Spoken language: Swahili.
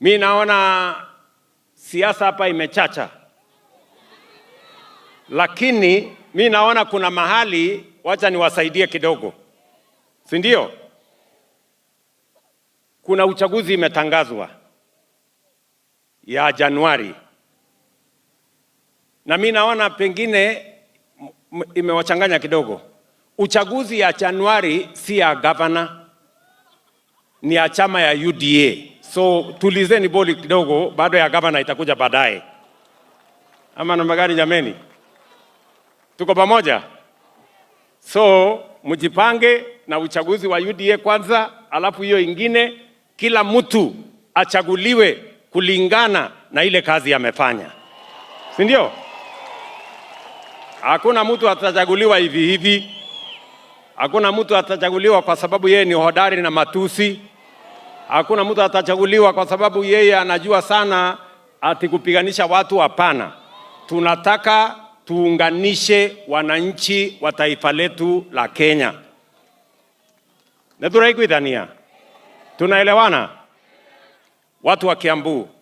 Mi naona siasa hapa imechacha, lakini mi naona kuna mahali, wacha niwasaidie kidogo, si ndio? Kuna uchaguzi imetangazwa ya Januari, na mi naona pengine imewachanganya kidogo. Uchaguzi ya Januari si ya gavana, ni ya chama ya UDA So tulizeni boli kidogo, bado ya gavana itakuja baadaye, ama namna gani? Jameni, tuko pamoja? So mjipange na uchaguzi wa UDA kwanza, alafu hiyo ingine. Kila mtu achaguliwe kulingana na ile kazi amefanya, si ndio? Hakuna mtu atachaguliwa hivi hivi, hakuna mtu atachaguliwa kwa sababu yeye ni hodari na matusi Hakuna mtu atachaguliwa kwa sababu yeye anajua sana ati kupiganisha watu. Hapana, tunataka tuunganishe wananchi wa taifa letu la Kenya. Neturaikuithania, tunaelewana? Watu wa Kiambu,